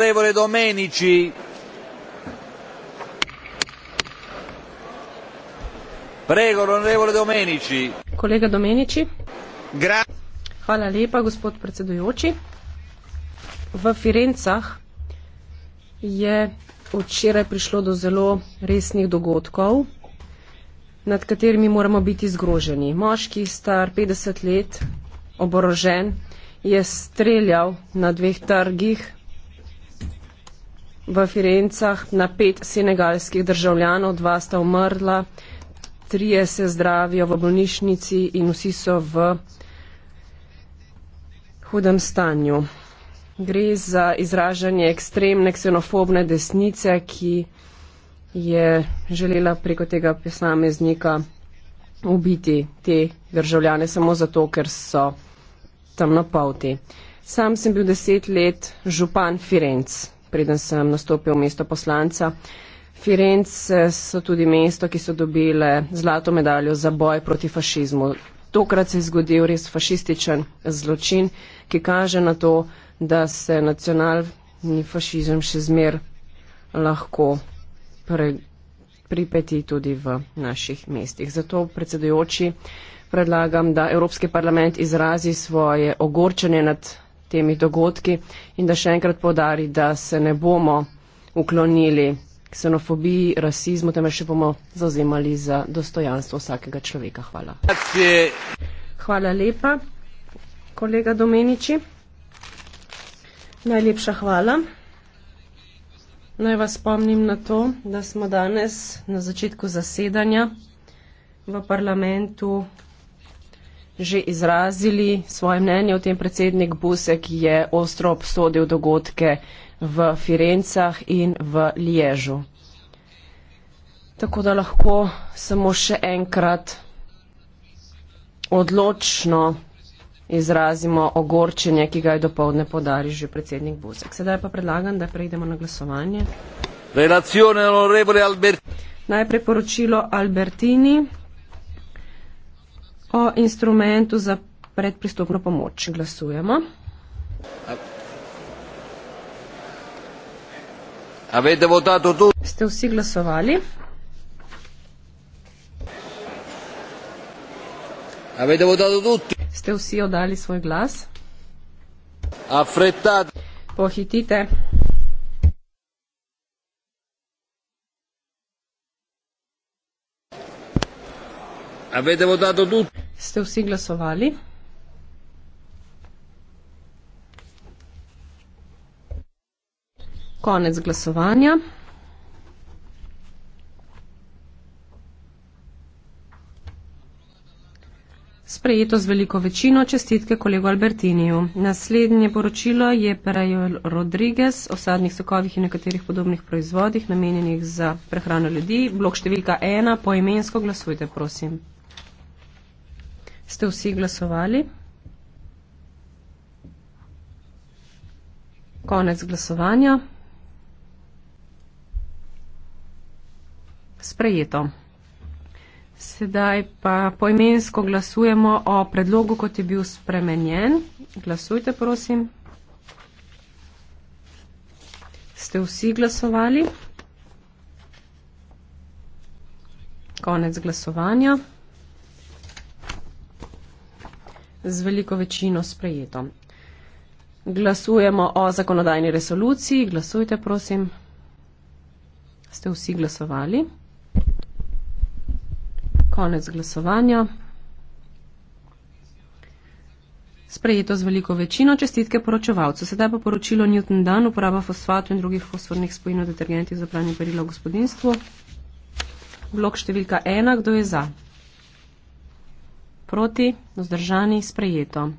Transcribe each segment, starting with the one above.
Onorevole Domenici. Prego, onorevole Domenici. Kolega Domenici. Gra Hvala lepa, gospod predsedujoči. V Firencah je včeraj prišlo do zelo resnih dogodkov, nad katerimi moramo biti zgroženi. Moški, star 50 let, oborožen, je streljal na dveh trgih v Firencah na pet senegalskih državljanov, dva sta umrla, trije se zdravijo v bolnišnici in vsi so v hudem stanju. Gre za izražanje ekstremne ksenofobne desnice, ki je želela preko tega posameznika ubiti te državljane samo zato, ker so tam na pauti. Sam sem bil deset let župan Firenc preden sem nastopil v mesto poslanca. Firence eh, so tudi mesto, ki so dobile zlato medaljo za boj proti fašizmu. Tokrat se je zgodil res fašističen zločin, ki kaže na to, da se nacionalni fašizem še zmer lahko pre, pripeti tudi v naših mestih. Zato predsedujoči predlagam, da Evropski parlament izrazi svoje ogorčenje nad temi dogodki in da še enkrat podari, da se ne bomo uklonili ksenofobiji, rasizmu, temveč še bomo zauzemali za dostojanstvo vsakega človeka. Hvala. Hvala lepa, kolega Domeniči. Najlepša hvala. Naj vas spomnim na to, da smo danes na začetku zasedanja v parlamentu že izrazili svoje mnenje o tem predsednik Busek je ostro obsodil dogodke v Firencah in v Liježu. Tako da lahko samo še enkrat odločno izrazimo ogorčenje, ki ga je dopoledne podaril že predsednik Busek. Sedaj pa predlagam, da preidemo na glasovanje. Najprej poročilo Albertini. O instrumentu za predpristopno pomoč glasujemo. A vede votato tu? Ste vsi glasovali? A vede votato tutti? Ste vsi oddali svoj glas? Affrettate. Pohitite. A vedemo, da do tu. Ste vsi glasovali? Konec glasovanja. Sprejeto z veliko večino čestitke kolegu Albertiniju. Naslednje poročilo je prejel Rodriguez o sadnih sokovih in nekaterih podobnih proizvodih namenjenih za prehrano ljudi. Blok številka ena, poimensko glasujte, prosim. Ste vsi glasovali? Konec glasovanja. Sprejeto. Sedaj pa poimensko glasujemo o predlogu, kot je bil spremenjen. Glasujte, prosim. Ste vsi glasovali? Konec glasovanja z veliko večino sprejeto. Glasujemo o zakonodajni resoluciji. Glasujte, prosim. Ste vsi glasovali? Konec glasovanja. Sprejeto z veliko večino čestitke poročevalcu. Sedaj pa poročilo Newton Dan, uporaba fosfatu in drugih fosfornih spojinov detergentih za pranje perila v gospodinstvu. Blok številka ena, kdo je za? proti, vzdržani, sprejeto.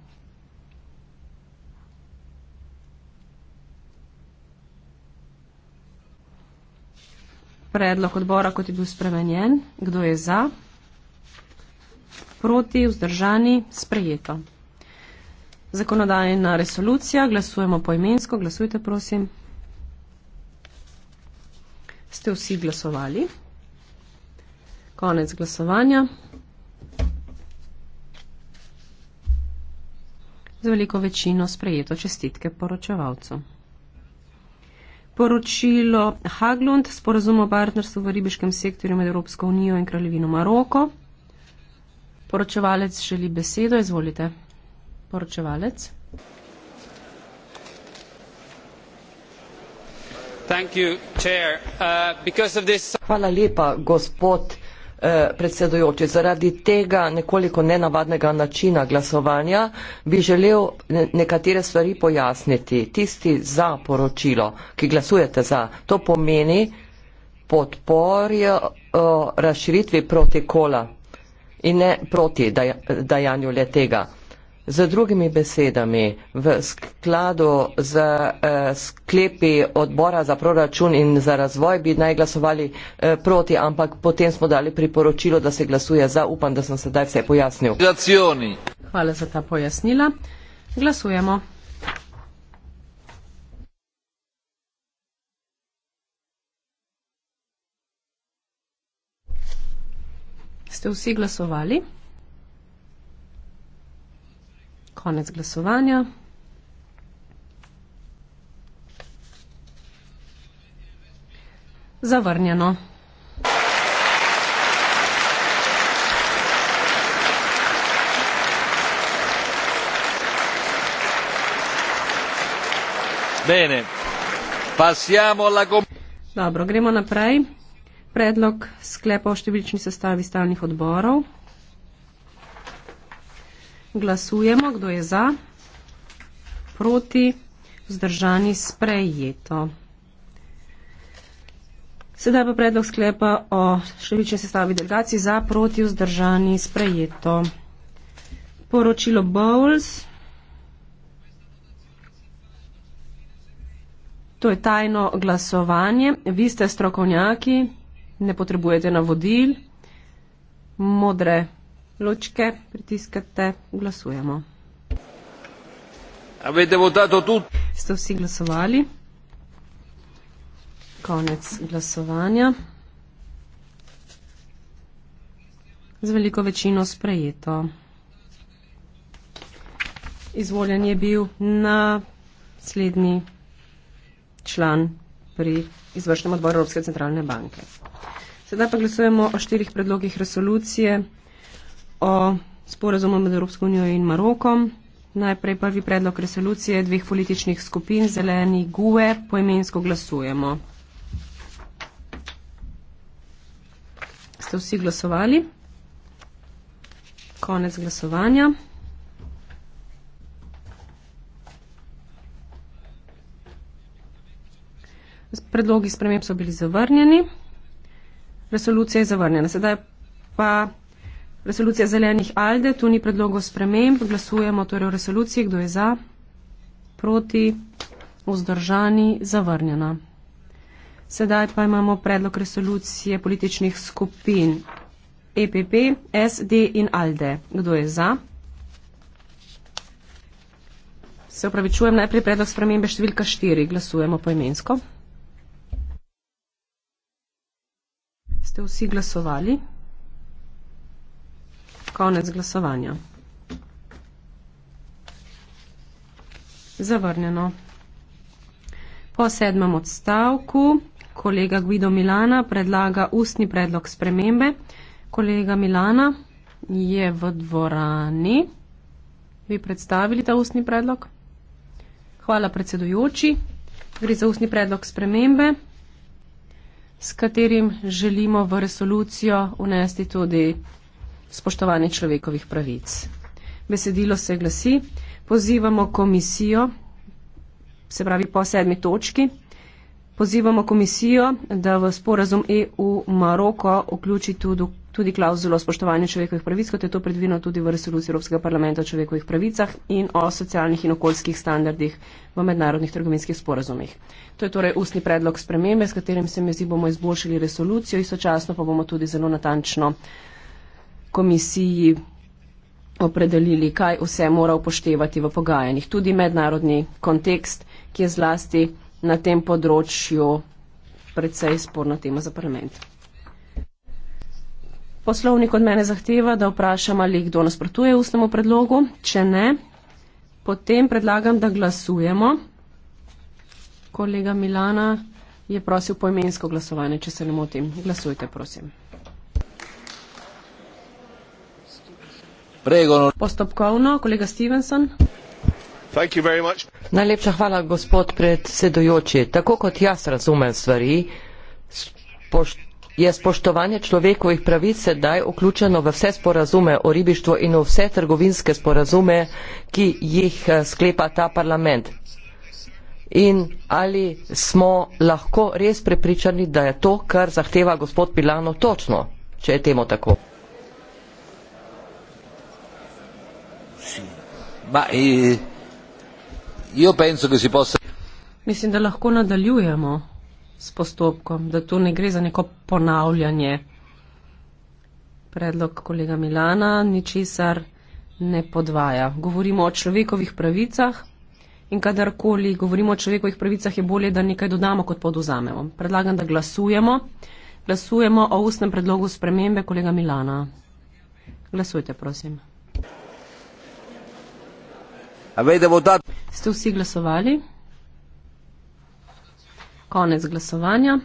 Predlog odbora kot je bil spremenjen, kdo je za, proti, vzdržani, sprejeto. Zakonodajna resolucija, glasujemo poimensko, glasujte prosim. Ste vsi glasovali? Konec glasovanja. z veliko večino sprejeto čestitke poročevalcu. Poročilo Haglund, sporazum o partnerstvu v ribiškem sektorju med Evropsko unijo in kraljevino Maroko. Poročevalec želi besedo, izvolite. Poročevalec. Uh, Hvala lepa, gospod Eh, predsedujoči. Zaradi tega nekoliko nenavadnega načina glasovanja bi želel nekatere stvari pojasniti. Tisti za poročilo, ki glasujete za, to pomeni podporjo eh, razširitvi protokola in ne proti dajanju le tega. Z drugimi besedami, v skladu z eh, sklepi odbora za proračun in za razvoj bi naj glasovali eh, proti, ampak potem smo dali priporočilo, da se glasuje za. Upam, da sem sedaj vse pojasnil. Hvala za ta pojasnila. Glasujemo. Ste vsi glasovali? konec glasovanja. Zavrnjeno. Bene. Passiamo alla Dobro, gremo naprej. Predlog sklepa o številčni sestavi stavnih odborov. Glasujemo, kdo je za, proti, vzdržani sprejeto. Sedaj pa predlog sklepa o številčni sestavi delegacij za, proti, vzdržani sprejeto. Poročilo Bowles. To je tajno glasovanje. Vi ste strokovnjaki, ne potrebujete navodil. Modre ločke, pritiskate, glasujemo. Avete votato tutti? Ste vsi glasovali? Konec glasovanja. Z veliko večino sprejeto. Izvoljen je bil naslednji član pri izvršnem odboru Evropske centralne banke. Sedaj pa glasujemo o štirih predlogih resolucije o sporazumu med Evropsko unijo in Marokom. Najprej prvi predlog resolucije dveh političnih skupin, zeleni GUE, poimensko glasujemo. Ste vsi glasovali? Konec glasovanja. Predlogi sprememb so bili zavrnjeni. Resolucija je zavrnjena. Sedaj pa Resolucija zelenih alde, tu ni predlogov sprememb, glasujemo torej o resoluciji, kdo je za, proti, vzdržani, zavrnjena. Sedaj pa imamo predlog resolucije političnih skupin EPP, SD in ALDE. Kdo je za? Se upravičujem, najprej predlog spremembe številka 4. Glasujemo poimensko. Ste vsi glasovali? Konec glasovanja. Zavrnjeno. Po sedmem odstavku kolega Guido Milana predlaga ustni predlog spremembe. Kolega Milana je v dvorani. Vi predstavili ta ustni predlog? Hvala predsedujoči. Gre za ustni predlog spremembe, s katerim želimo v resolucijo unesti tudi spoštovanje človekovih pravic. Besedilo se glasi, pozivamo komisijo, se pravi po sedmi točki, pozivamo komisijo, da v sporazum EU-Maroko vključi tudi, tudi klauzulo spoštovanja človekovih pravic, kot je to predvideno tudi v resoluciji Evropskega parlamenta o človekovih pravicah in o socialnih in okoljskih standardih v mednarodnih trgovinskih sporazumih. To je torej ustni predlog spremembe, s katerim se mi zdi bomo izboljšali resolucijo in sočasno pa bomo tudi zelo natančno komisiji opredelili, kaj vse mora upoštevati v pogajanjih. Tudi mednarodni kontekst, ki je zlasti na tem področju predvsej sporna tema za parlament. Poslovnik od mene zahteva, da vprašam, ali kdo nasprotuje ustnemu predlogu. Če ne, potem predlagam, da glasujemo. Kolega Milana je prosil poimensko glasovanje, če se ne motim. Glasujte, prosim. pregono. Postopkovno, kolega Stevenson. Najlepša hvala, gospod predsedujoči. Tako kot jaz razumem stvari, je spoštovanje človekovih pravic sedaj vključeno v vse sporazume o ribištvu in v vse trgovinske sporazume, ki jih eh, sklepa ta parlament. In ali smo lahko res prepričani, da je to, kar zahteva gospod Pilano, točno, če je temu tako? Ma, eh, io penso che si possa... Mislim, da lahko nadaljujemo s postopkom, da tu ne gre za neko ponavljanje. Predlog kolega Milana ničesar ne podvaja. Govorimo o človekovih pravicah in kadarkoli govorimo o človekovih pravicah, je bolje, da nekaj dodamo, kot podozamemo. Predlagam, da glasujemo. Glasujemo o ustnem predlogu spremembe kolega Milana. Glasujte, prosim. Vede, ta... Ste vsi glasovali? Konec glasovanja.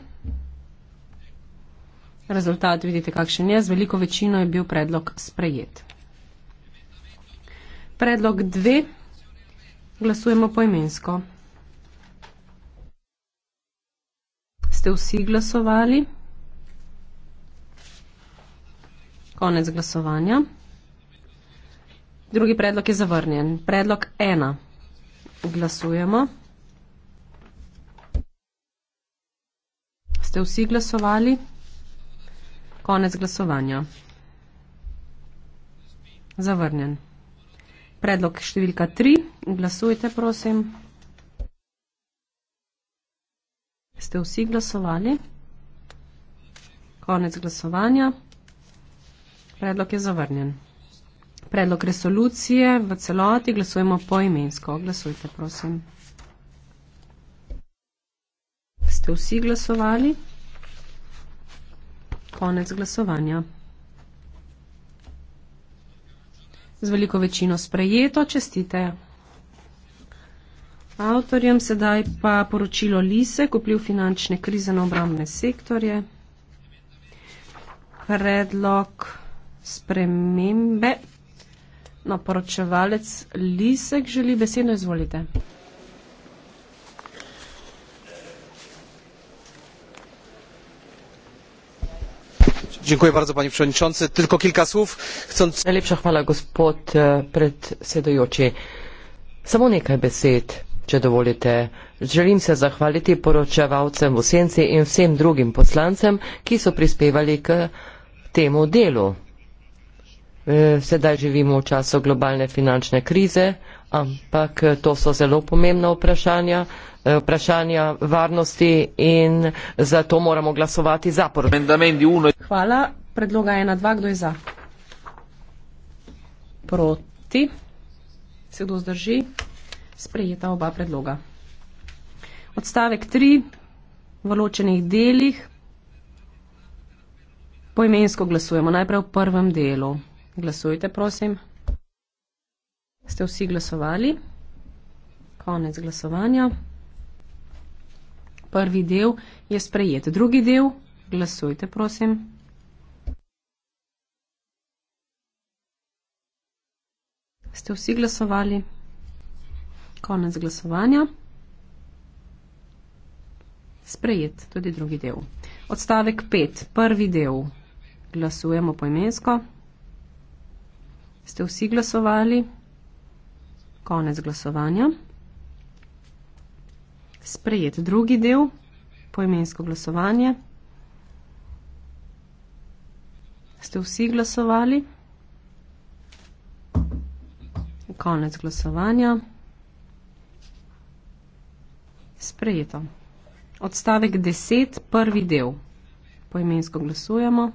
Rezultat vidite, kakšen je. Z veliko večino je bil predlog sprejet. Predlog dve. Glasujemo poimensko. Ste vsi glasovali? Konec glasovanja. Drugi predlog je zavrnjen. Predlog ena. Glasujemo. Ste vsi glasovali? Konec glasovanja. Zavrnjen. Predlog številka tri. Glasujte, prosim. Ste vsi glasovali? Konec glasovanja. Predlog je zavrnjen predlog resolucije v celoti, glasujemo poimensko. Glasujte, prosim. Ste vsi glasovali? Konec glasovanja. Z veliko večino sprejeto, čestite. Avtorjem sedaj pa poročilo Lise, kopljiv finančne krize na obramne sektorje. Predlog spremembe, naporočevalec no, Lisek želi besedo, izvolite. Dziękuję bardzo, panie przewodniczący. Tylko kilka słów. Chcąc... Najlepsza chwała, gospod e, przedsedujący. Samo niekaj besed, czy dowolite. Želim se zahvaliti poročevalcem v senci in vsem drugim poslancem, ki so prispevali k temu delu. Eh, sedaj živimo v času globalne finančne krize, ampak eh, to so zelo pomembna vprašanja, eh, vprašanja varnosti in zato moramo glasovati za poročilo. Hvala. Predloga je na dva, kdo je za. Proti. Se kdo zdrži? Sprejeta oba predloga. Odstavek 3 v ločenih delih. Poimensko glasujemo najprej v prvem delu. Glasujte, prosim. Ste vsi glasovali? Konec glasovanja. Prvi del je sprejet. Drugi del, glasujte, prosim. Ste vsi glasovali? Konec glasovanja. Sprejet tudi drugi del. Odstavek 5. Prvi del. Glasujemo poimensko. imensko. Ste vsi glasovali? Konec glasovanja. Sprejet drugi del, poimensko glasovanje. Ste vsi glasovali? Konec glasovanja. Sprejeto. Odstavek 10, prvi del. Poimensko glasujemo.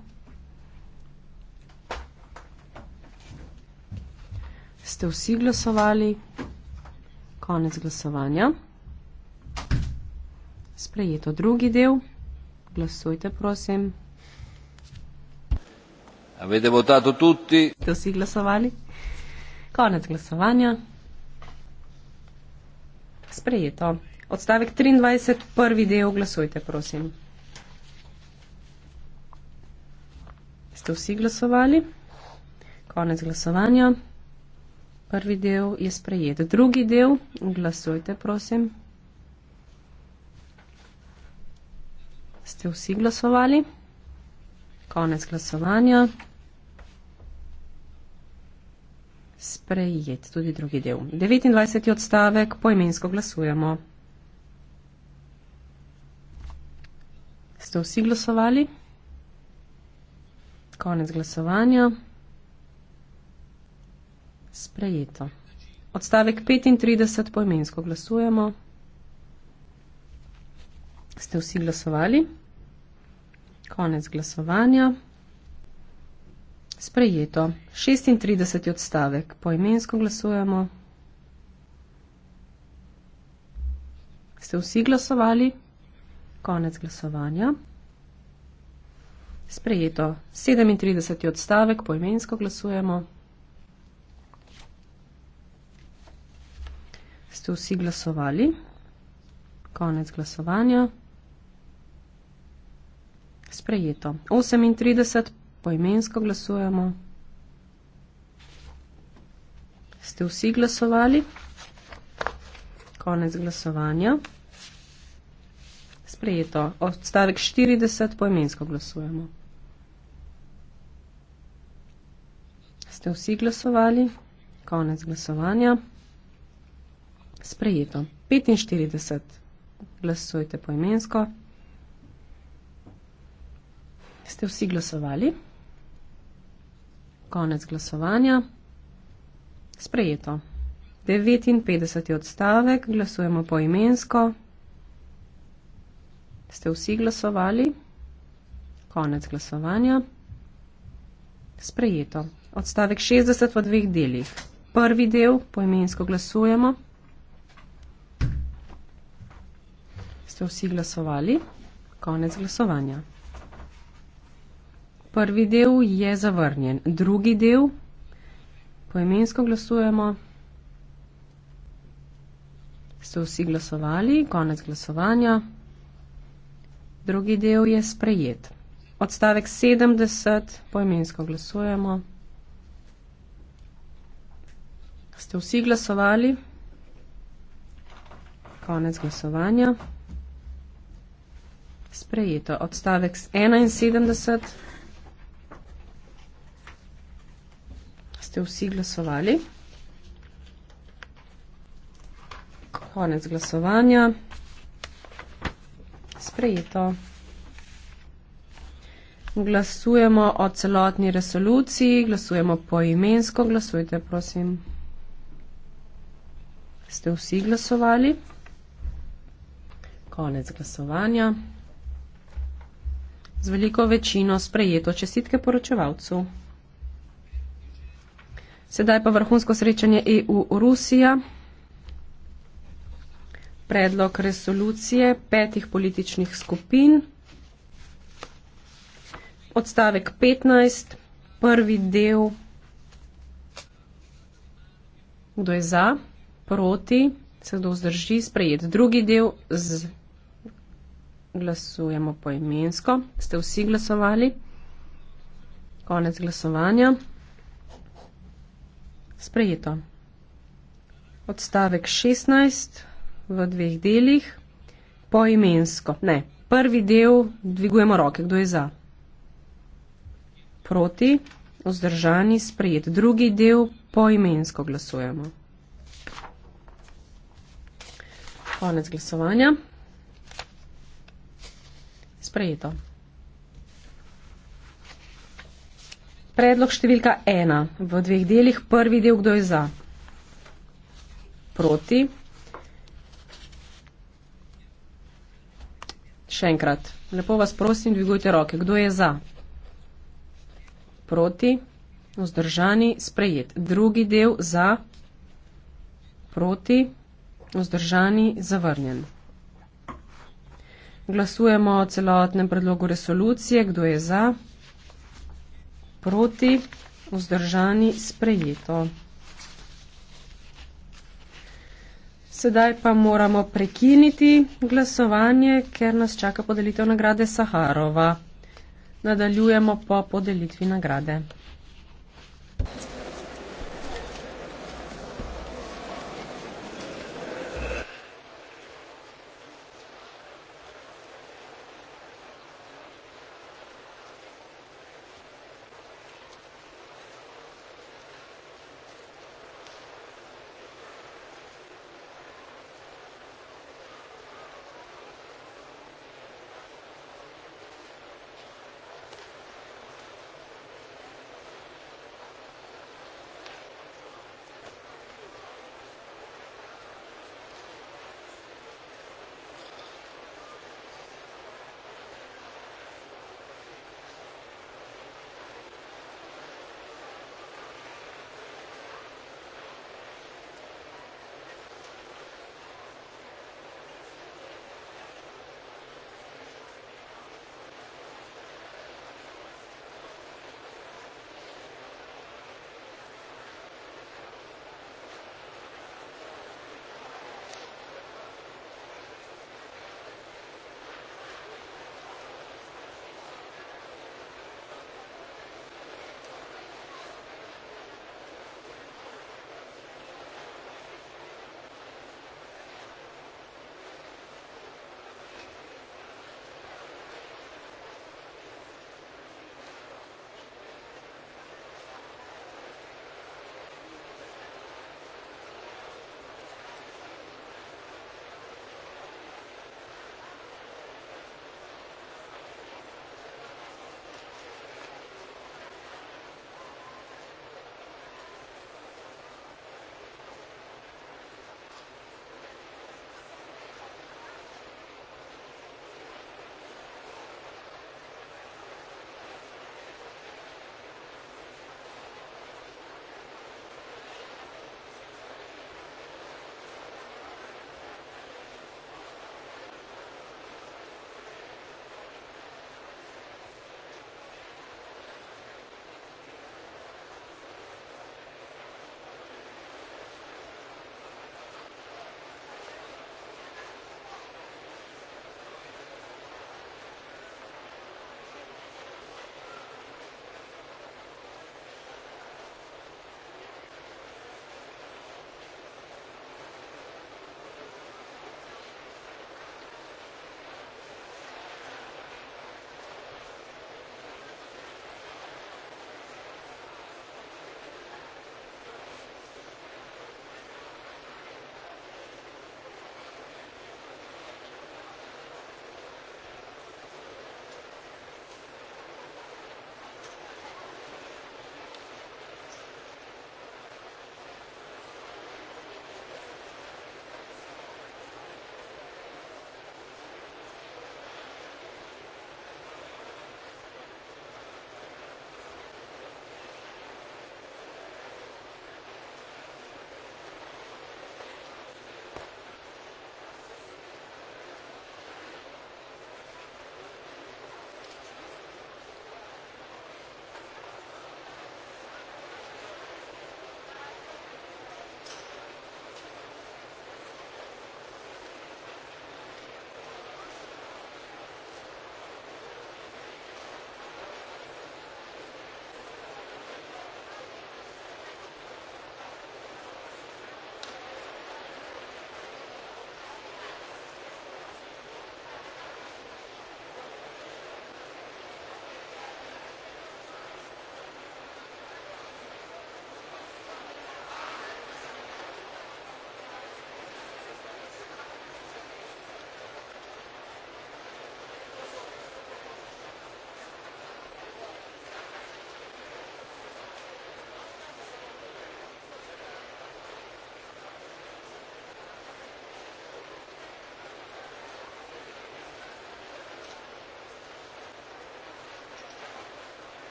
ste vsi glasovali. Konec glasovanja. Sprejeto drugi del. Glasujte, prosim. Avete votato tutti? Ste vsi glasovali? Konec glasovanja. Sprejeto. Odstavek 23, prvi del, glasujte, prosim. Ste vsi glasovali? Konec glasovanja. Prvi del je sprejet. Drugi del, glasujte, prosim. Ste vsi glasovali? Konec glasovanja. Sprejet tudi drugi del. 29. odstavek, poimensko glasujemo. Ste vsi glasovali? Konec glasovanja sprejeto. Odstavek 35 poimensko glasujemo. Ste vsi glasovali? Konec glasovanja. Sprejeto. 36. odstavek. Poimensko glasujemo. Ste vsi glasovali? Konec glasovanja. Sprejeto. 37. odstavek. Poimensko glasujemo. ste vsi glasovali. Konec glasovanja. Sprejeto. 38, poimensko glasujemo. Ste vsi glasovali. Konec glasovanja. Sprejeto. Odstavek 40, poimensko glasujemo. Ste vsi glasovali. Konec glasovanja sprejeto. 45. Glasujte po imensko. Ste vsi glasovali? Konec glasovanja. Sprejeto. 59. odstavek. Glasujemo po imensko. Ste vsi glasovali? Konec glasovanja. Sprejeto. Odstavek 60 v dveh delih. Prvi del, poimensko glasujemo. ste vsi glasovali. Konec glasovanja. Prvi del je zavrnjen. Drugi del poimensko glasujemo. Ste vsi glasovali. Konec glasovanja. Drugi del je sprejet. Odstavek 70 poimensko glasujemo. Ste vsi glasovali? Konec glasovanja. Sprejeto. Odstavek 71. Ste vsi glasovali? Konec glasovanja. Sprejeto. Glasujemo o celotni resoluciji, glasujemo poimensko, glasujte prosim. Ste vsi glasovali? Konec glasovanja z veliko večino sprejeto čestitke poročevalcu. Sedaj pa vrhunsko srečanje EU-Rusija. Predlog resolucije petih političnih skupin. Odstavek 15, prvi del. Kdo je za, proti, se kdo zdrži, sprejet drugi del z glasujemo poimensko. Ste vsi glasovali? Konec glasovanja. Sprejeto. Odstavek 16 v dveh delih. Poimensko. Ne. Prvi del dvigujemo roke. Kdo je za? Proti. Vzdržani. Sprejet. Drugi del poimensko glasujemo. Konec glasovanja sprejeto. Predlog številka ena v dveh delih. Prvi del, kdo je za? Proti. Še enkrat. Lepo vas prosim, dvigujte roke. Kdo je za? Proti. Vzdržani. Sprejet. Drugi del za. Proti. Vzdržani. Zavrnjen. Glasujemo o celotnem predlogu resolucije. Kdo je za? Proti? Vzdržani? Sprejeto. Sedaj pa moramo prekiniti glasovanje, ker nas čaka podelitev nagrade Saharova. Nadaljujemo po podelitvi nagrade.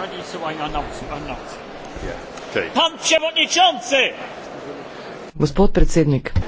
ready to announce. announce. Yeah. Okay. Pan przewodniczący! Gospod predsednik.